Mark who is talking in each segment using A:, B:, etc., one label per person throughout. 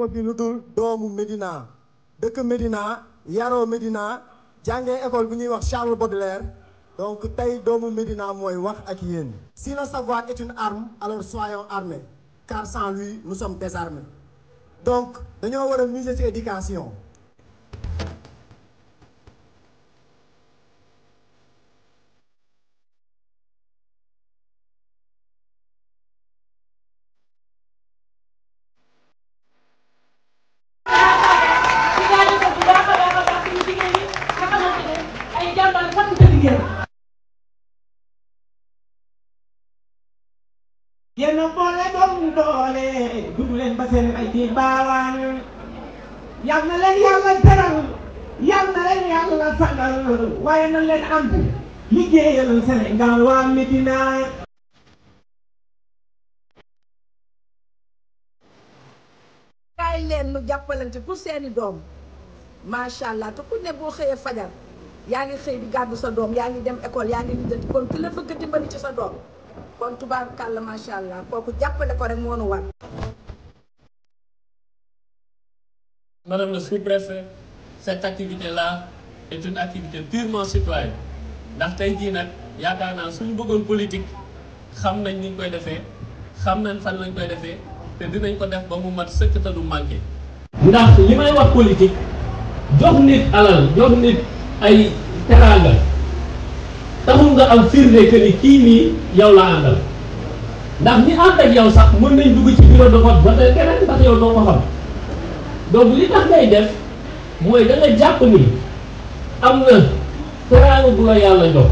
A: ma bi lu dul doomu Médina dëkk Médina yaroo Médina jàngee école bu ñuy wax Charles Baudelaire donc tey doomu Médina mooy wax ak yéen. si le savoir est une arme alors soyons armés car sans lui nous sommes désarmés donc dañoo war a miser ci éducation.
B: fan nga liggéey yéen boole doomu doole dugg leen ba seen ay ci baawaan yal na leen yàlla teral yal na leen yàlla sagal waaye na leen ànd liggéeyal Sénégal waa Médina kaay leen nu jàppalante ku seeni doom macha allah te ku ne boo xëyee fajar yaa ngi xëy di gàddu sa doom yaa ngi dem école yaa ngi lijjanti kon ki la dimbali ci sa doom kon kàll macha allah kooku jàppale ko rek moo nu war.
C: Madame le sous-préfet cette activité-là est une activité purement citoyenne ndax tey jii nag yaakaar naa suñu bëggoon politique xam nañ ni koy defee xam nañ fan lañ koy defee te dinañ ko def ba mu mat sëkk te du manqué. ndax li may wax politique jox nit alal jox nit. ay teranga taxul nga am firne que ni ki ni yow la andal ndax ni and ak yow sax mën nañ dugg ci bureau de vote ba tay keneen ndax yow do ko xam donc li tax ngay def mooy da nga jàpp ni am na teranga bu la yàlla jox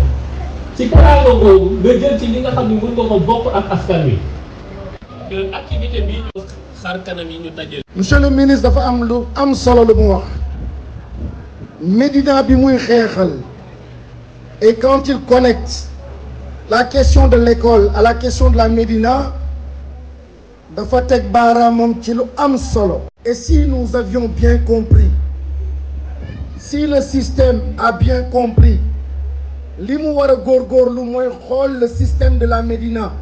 C: ci teranga boobu nga jël ci li nga xam ni mën nga ko bokk ak askan wi activité bi xar kanam yi ñu dajale
D: monsieur le ministre dafa am lu am solo lu mu wax Medina et quand il connecte la question de l'école à la question de la Médina et si nous avions bien compris si le système a bien compris le système de la Médina